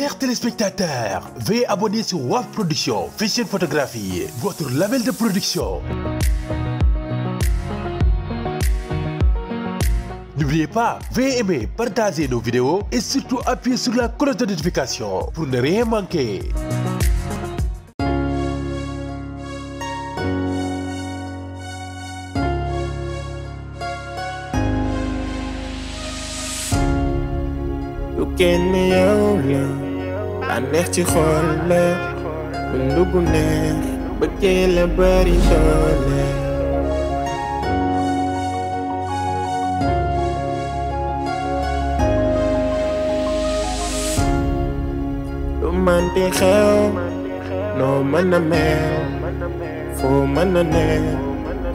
Chers téléspectateurs, veuillez abonner sur WAF Production, Fashion Photographie, votre label de production. N'oubliez pas, veuillez aimer, partager nos vidéos et surtout appuyer sur la cloche de notification pour ne rien manquer. Look maa neex ci xool la ba ndugg neex bëggee la bari doole lu mante xew noo mën a mel foo mën a ne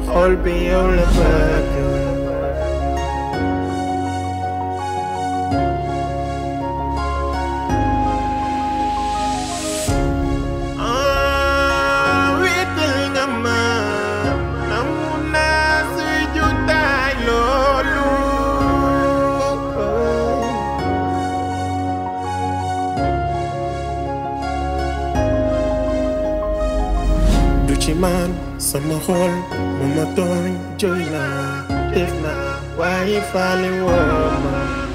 xool bi yow la bëgg mahol Mama don't join na If not, Why you falling woman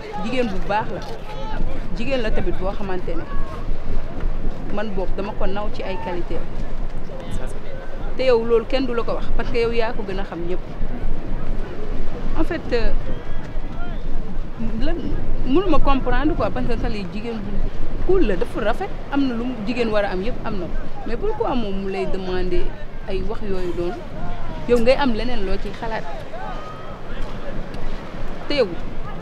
je bu baax la jigen la tamit bo xamantene man la dama ko naw ci ay qualité té yow lool kenn du la wax parce que yow ya ko gëna xam ñëpp en fait euh, comprendre quoi parce que jigen bu cool la dafa rafet amna lu jigen wara am yëpp amna mais pourquoi mom mu lay demander ay wax yoyu doon yow ngay am leneen lo ci xalaat yow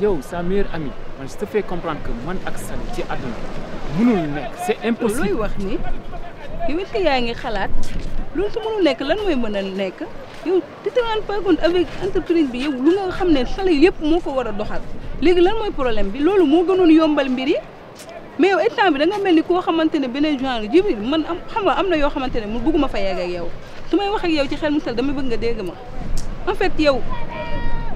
yo sa meilleure amie man je te fais comprendre que man ak Sali ci aduna mënul nekk c'est impossible. loy wax ni yow it yaa ngi xalaat loolu su mënul nek lan moy mën nek nekk yow tu te rends pas compte avec entreprise bi yow lu nga xamné ne Sali yëpp wara doxal légui lan moy problème bi lolu mo gënoon yombal mbiri mais yow instant bi da nga melni ko xamantene benen ne genre jibril man am xam nga amna yo xamantene mu bëgguma fa yegg ak yow sumay wax ak yow ci xel mu dama bëgg nga dégg ma en fait yow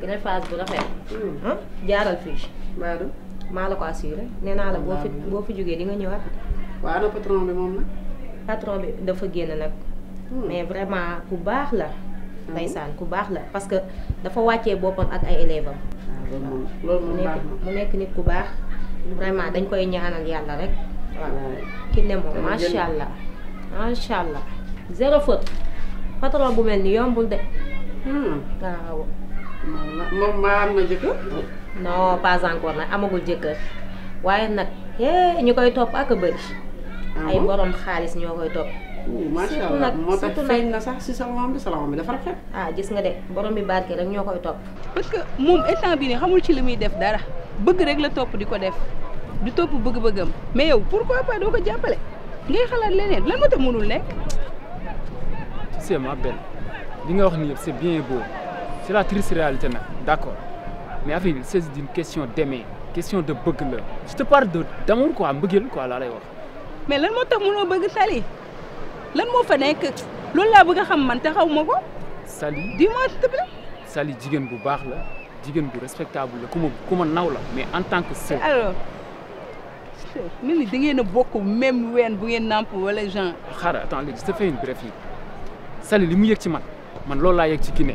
beneen phase bu rafet. ah jaaral fii. maa la ko assuré. nee naa la boo fi boo fi jógee di nga ñëwaat. waaw ana patron bi moom nag. patron bi dafa génn nag. Mm. mais vraiment ku baax la. Mm. ndeysaan ku baax la parce que dafa wàcce boppam ak ay élèves am. Ah, loolu mu nekk nit ku baax. vraiment dañ koy ñaanal yàlla rek. ki ne moom macha allah. macha allah zéro faute patron bu mel ni yombul de. Hmm. waaw. moom maa am na jëkkër. non pas encore nag amagul jëkkër waaye nag hee ñu koy topp ak a bëri. Ah ay borom xaalis ñoo koy topp. macha allah moo tax feeñ na sax si sa moom bi sa moom bi dafa rafet. ah gis nga de borom bi barke rek ñoo koy topp. parce que moom instant bi ne xamul ci li muy def dara bëgg rek la topp di ko def du topp bëgg-bëggam mais yow pourquoi pas doo ko jàppale ngay xalaat leneen lan moo tax mënul nekk. c'est ma belle li wax nii yëpp c'est bien beau. C'est la triste réalité, d'accord. Mais avril, c'est une question d'aimer, question de bugler. Je te parle d'amour, quoi, bugler, quoi, là, là. Mais là, moi, t'as veux pas Sali. Là, moi, veux que loolu la bëgg a xam man te xaw ma Sali dis-moi s'il te plaît. Sali jigéen bu baax la jigéen bu respectable la ku ma naw la mais en tant que sœur. alors mel les dingues ne a même ween bu ngeen nàmp wala genre. attends léegi je te fais une brève yi Sali li mu yëg ci man man loolu laa yëg ci Kiné.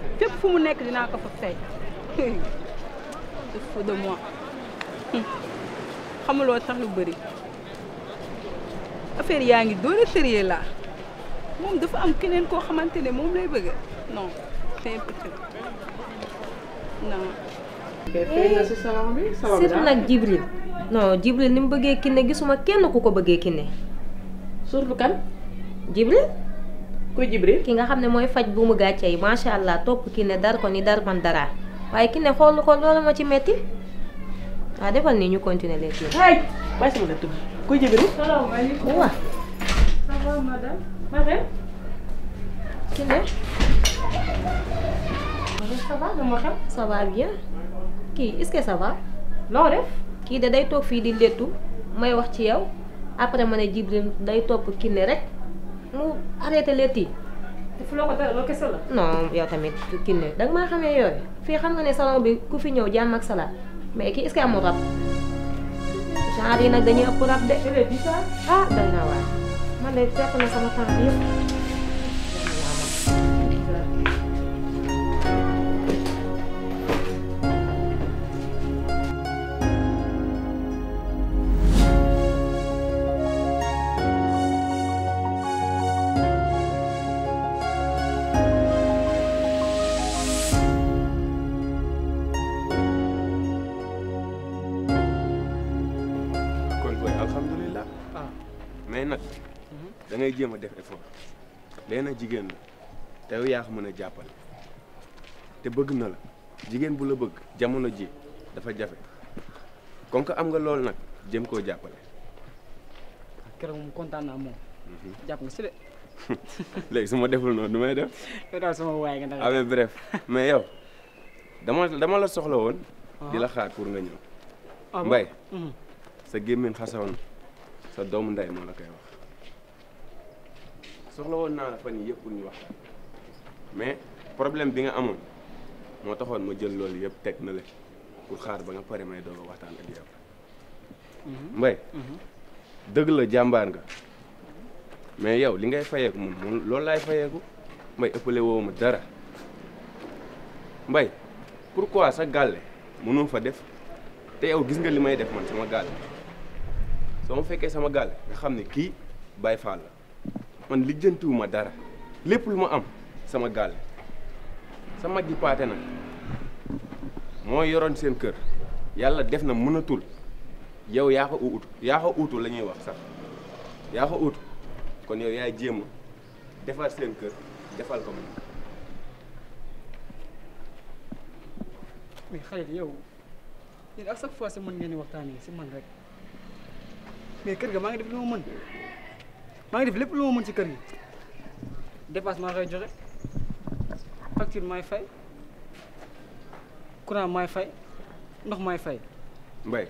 fépp mu nekk dinaa ko fa fekk il faut de moi xamuloo tax lu bëri affaire yaa ngi doon sérieux laa moom dafa am keneen koo xamante ne moom lay bëgg non c'est impossible non. surtout nag Jibril non Jibril ni mu bëggee Kiné gisuma kenn ku ko bëggee Kiné. surtout Jibril. kuy Jibril ki nga xam ne mooy faj buumu gàcce yi macha allah topp ki ne dar ko ni dar man dara waaye ki ne xool ko loolu ma ci metti waaw defal nii ñu continuer léegi. ay bàyyi sama dëkk kuy ki ne. ça va dama xam. ça bien. kii est-ce que ça kii de day toog fii di léttu may wax ci yow après ma a Jibril day topp ki ne rek. mu arrêté les tii. defuloo ko dara lo? kese la. non yow tamit kii ne danga maa xamee yooyu fii xam nga ne salon bi ku fi ñëw jàmm ak salaat mais kii est-ce que amul rab. genre yi dañuy ëpp rab de. ah doy na waay man de sama temps ngay jema def effort nee na jigéen la te yow yaa ko mën a te bëgg na la jigen bu la bëgg jamono ji dafa jafé kon ko am nga lol nak jëm ko jàppale. Ah, keroog mu kontaan na mo mhm. japp nga ci dé léegi suma deful non dumay def. yow dal suma way nga dal avec ah, bref mais yow dama dama la soxla won ah. dila xaar pour nga ñëw. mbay mhm. sa gémmiñ xassawon sa dom nday mo la kay wax. soxla woon naa la fan yii yëpp pour ñu wax mais problème bi nga amoon moo taxoon ma jël loolu yëpp teg na le pour xaar ba nga pare may doog a waxtaan ak yow. Mhm. Mbaye mhm. dëgg la jàmbaar nga mais yow li ngay fayeeku moom loolu laay fayeeku Mbaye ëppale woo ma mbay pour pourquoi sa gàlle mënoo fa def te yow gis nga li may def man sama gàlle soo ma fekkee sama gàlle nga xam ne kii Baye Fall la. man lijjantiwuma dara lépp lu ma am sama gaal sa mag yi paate nag moo yoroon seen kër yàlla def na mënatul yow yaa ko uutu yaa ko uutu la ñuy wax sax yaa ko uutu kon yow yaay jéem a defar seen kër defal ko mu mais xale yow yéen fois si mën ngeen di waxtaanee si man rek mais kër ga maa ngi def li ma mën maa ngi def lépp lu ma mën ci kër gi dépassement facture fay courant fay ndox fay. mbay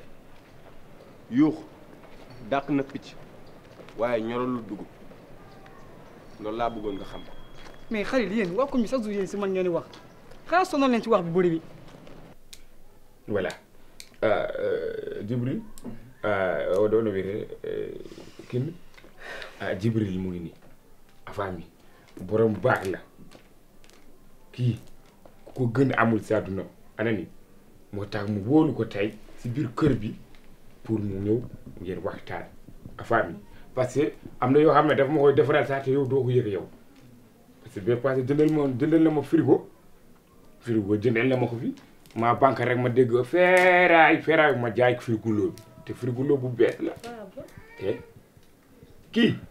yuux dàq na picc waaye dugub loolu laa bëggoon nga xam. mais xarit yéen waa commune chaque jour yéen si man ñoo wax xanaa sonal leen ci wax bi bëri bi. voilà euh, euh, Djibril. ah Euh. ah Jibril mu ngi nii afaam yi borom baax la kii ku ko gën amul si àdduna ana ni moo tax mu wóolu ko tey si biir kër bi pour mu ñëw ngeen waxtaan afaam yi parce que am na yoo xam ne daf ma koy defaral sax te yow doo ko yëg yow parce que bee passé jëndal ma jëndal na ma frigo frigo jëndal na ma ko fi ma banque rek ma dégg feeraay feeraay ma jaay frigo bi te frigo bu bees la ah te kii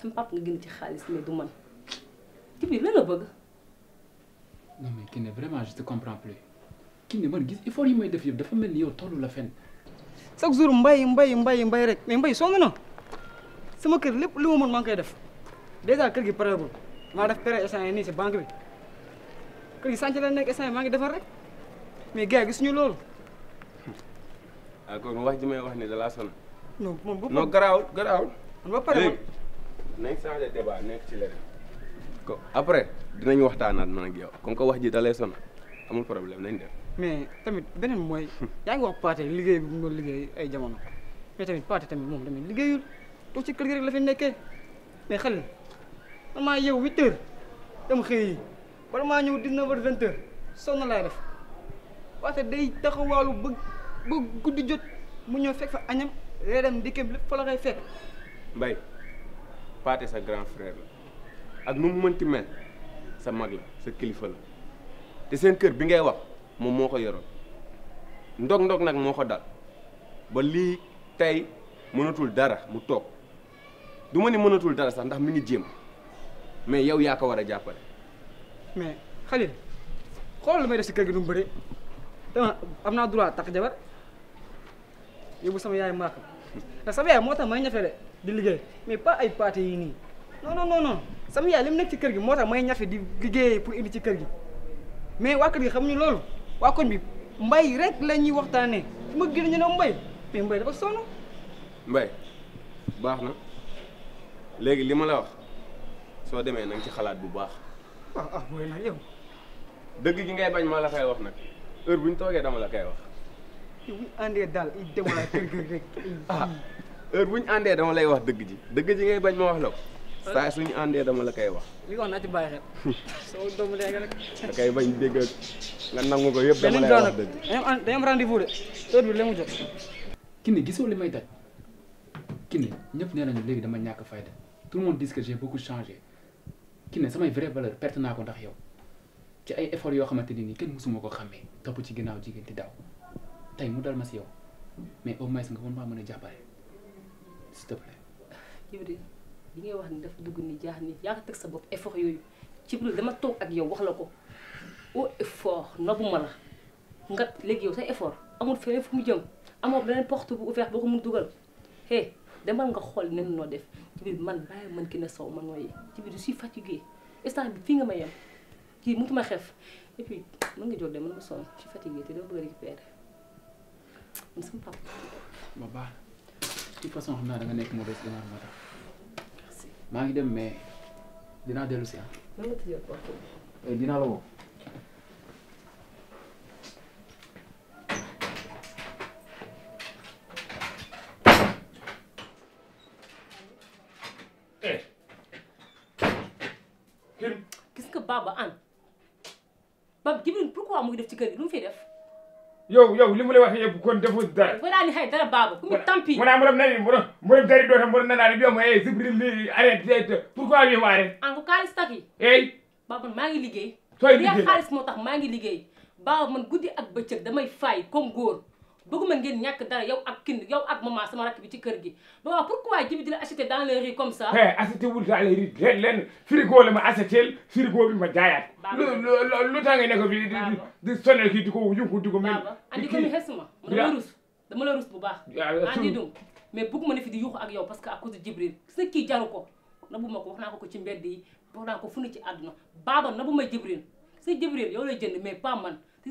sama papa nga gën ci xaalis mais du man la bëgg. non mais vraiment je te comprends plus Kiné man gis effort yi may def mel ni la chaque jour mbay mbay mbay mbay rek mais mën koy def déjà kër gi def banque bi kër gi la ngi mais gars ah ne da laa sonn. non nañ changé débat nekk ci leneen. ko après dinañ waxtaanaat man ak yow comme que wax ji dalay sonal amul problème nañ dem mais tamit beneen mooy yaa ngi wax Pathé liggéey bi mu liggéey ay jamono mais tamit Pathé tamit moom tamit liggéeyul toog ci kër gi rek la nekkee mais xale man maa yow huit heures dem xëy bala maa ñëw dina neuf heures vingt heures sonn laay def day taxawaalu ba ba guddi jot mu ñëw fekk fa añam reeram ndikkeem lépp fa la koy fekk mbay Pathé sa grand frère la ak nu mu mënti mel sa mag la sa kilifa la te seen kër bi ngay wax moom moo ko yoroon ndog-ndog nag moo ko dal ba lii tey mënatul dara mu toog du ma ni mënatul dara sax ndax mi ngi jéem mais yow yaa ko war a jàppale. mais Khalil xool lu may def si kër gi nu mu bëri dama am naa droit takk jabar yóbbu sama yaay maaka ndax sama yaay moo tax may ñafe de. di liggéey mais pas ay pâté yi nii non non non non sama yaay li mu nekk ci kër gi moo tax may ñafe di liggéey pour indi ci kër gi mais waa kër gi xamuñu loolu waa koñ bi mbay rek la ñuy waxtaanee fu ma gën ñu ne mbay mais mbay dafa sonn. mbay baax na léegi li ma la wax soo demee na ci xalaat bu baax. ah ah mooy dëgg gi ngay bañ maa la koy wax nag heure bu ñu toogee dama la koy wax. te bu àndee daal i dem la kër gi rek. Ah, heure bu ñu àndee dama lay wax dëgg ji dëgg ji ngay bañ ma wax la ko saa suñu àndee dama la koy wax. li nga wax naa ci bàyyi xel. soo doomu léegi rek. da koy bañ dégg nga nangu ko yëpp dama lay wax dëgg. dañu am rendez-vous de heure bi la mu jot. Kiné gisoo li may daj Kiné ñëpp nee nañu léegi dama ñàkk fayda tout le monde dit que j'ai beaucoup changé Kiné samay vraie valeur perte naa ko ndax yow ci ay efforts yoo xamante ni nii kenn mësuma ko xàmmee topp ci ginnaaw jigéen te daaw tey mu dal ma si yow mais au moins nga mën maa mën a jàppale. s'il te li ngay wax ni dafa dugg ni jaax ni yaa ko teg sa bopp effort yooyu Jibril dama toog ak yow wax la ko au oh, effort nobuma la nga léegi yow sa effort amul feneen fu mu jëm amoo beneen porte bu ouvert boo ko mun dugal hey demal xool nen noo def Jibril man bàyyi ki ne sow ma nooyee Jibril je suis fatiguée instant bi fii nga ma yem kii mutuma xef et puis nga jóg de man ma sonn ci suis fatiguée te dama bëgg récupérer man sama toute façon xam naa nga nekk mauvaise moo tax. merci maa ngi dem mais dinaa dellu si ah. Eh, dinaa eh. Baba an Baba pourquoi mu ngi def yow yow li mu lay wax yëpp kon defu dara waraani hay dara baabu kumi tampi mona morom nani moro morom dari do tan moro nanani biyomo e eh, jibril li arrête eh, pourquoi wiimo arrête an ko kaalis taki eyi baabu maa ngi liggéey toy liggéey xaalis moo tax maa ngi liggéey baabu man guddi ak bëccëg damay fay comme góor bëgguma ngeen ñàkk dara yow ak kin yow ak maman sama rakk bi ci kër gi ba wax pourquoi jibi di la acheter dans les rues comme ça acheter wul dans les leen leen ma acheter frigo bi ma jaayaat lu tax nga ne ko fi di sonal kii di ko yunku di ko mel andi ko mi xesuma ma dama rus dama la fi di yuuxu ak yow parce que à cause de Jibril sa kii jaru ko nabu ma ko wax naa ko ko ci mbedd yi wax naa ko fu ne ci àdduna baaba nabu ma Jibril sa Jibril yow lay jënd mais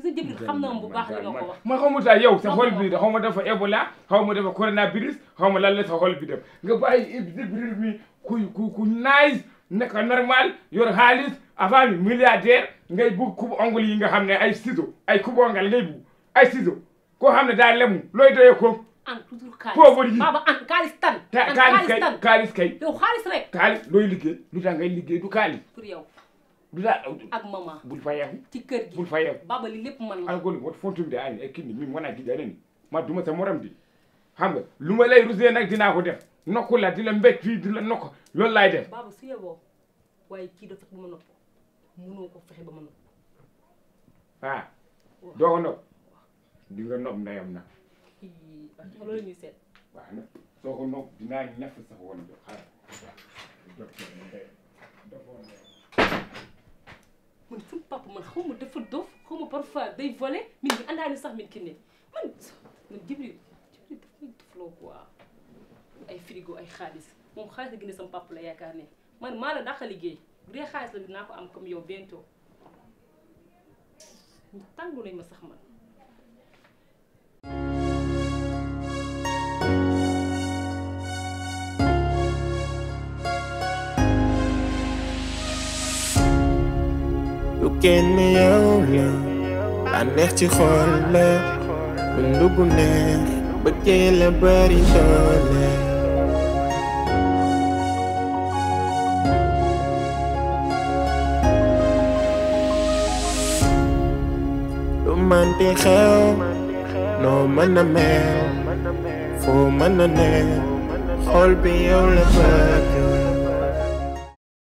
gis nga Jibril xam na bu baax li nga ko wax ma xamu taa yow sa xol bi xaw ma dafa Ebola xaw ma dafa coronavirus xaw ma lan la sa xol bi def nga bàyyi Jibril mi ku ku ku nice nekk normal yor xaalis avant milliardaire ngay bugg kubu ongul yi nga xam ne ay ciseaux ay kubu ongal ngay bugg ay ciseaux koo ko an toujours xaalis pauvre yi baba an xaalis tan xaalis kay xaalis kay yow xaalis liggéey lu tax ngay liggéey du xaalis pour yow du laa ak mama bul fayaku ci kër gi bul fayaku baba li lépp man la alcool wat fontum de ani e kinni min wona giƴa nani ma duma sa moram di xam nga lu ma lay rusé nag dinaa ko def nokku la di la mbéj fii di la nokk loolu laay def baba su yeboo waaye kii dafa fexe ba ma nopp mënoo ko fexe ba ma nopp ah doo ko nopp di nga nopp ndeyam nag loolu ñuy seet waaw nag soo ko nopp dinaa ñaf sax woon jo xaar man suñu papa man xaw ma dafa dof xaw ma parfois day volé min bi sax min ki ne man man Jibril Jibril daf may dofloo quoi ay frigo ay xaalis moom xaalis la gën a papa la yaakaar ne man maa la dàqa liggéey bu dee xaalis la dinaa ko am comme yow bientôt tàngu nañ ma sax man ken me yow la a neex ci xool la dund gu neex bëggee bari doole mel foo mën ne